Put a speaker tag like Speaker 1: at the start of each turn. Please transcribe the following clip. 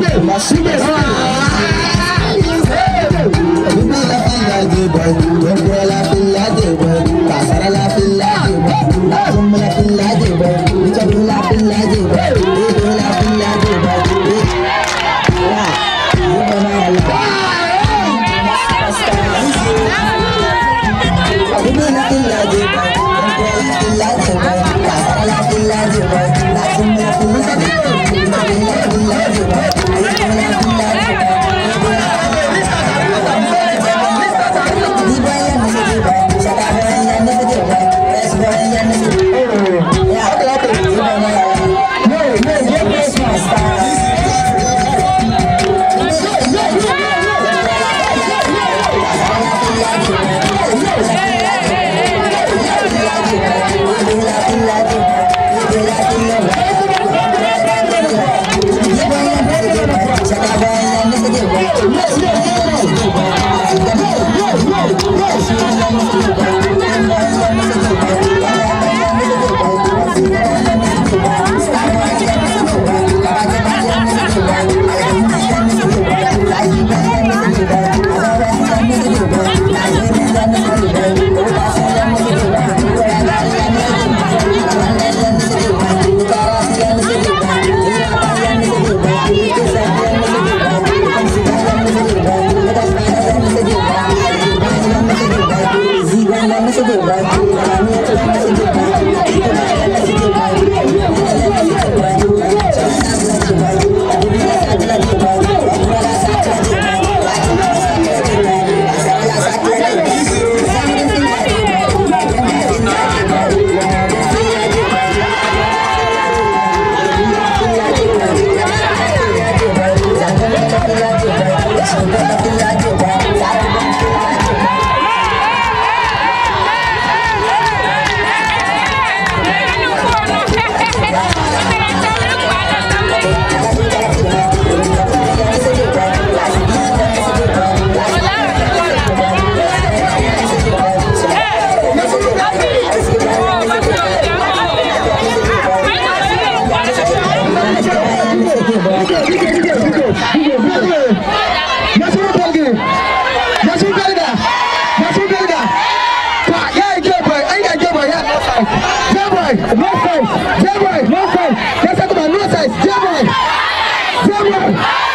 Speaker 1: Hey, right, no size, jab right, no size. no right, right.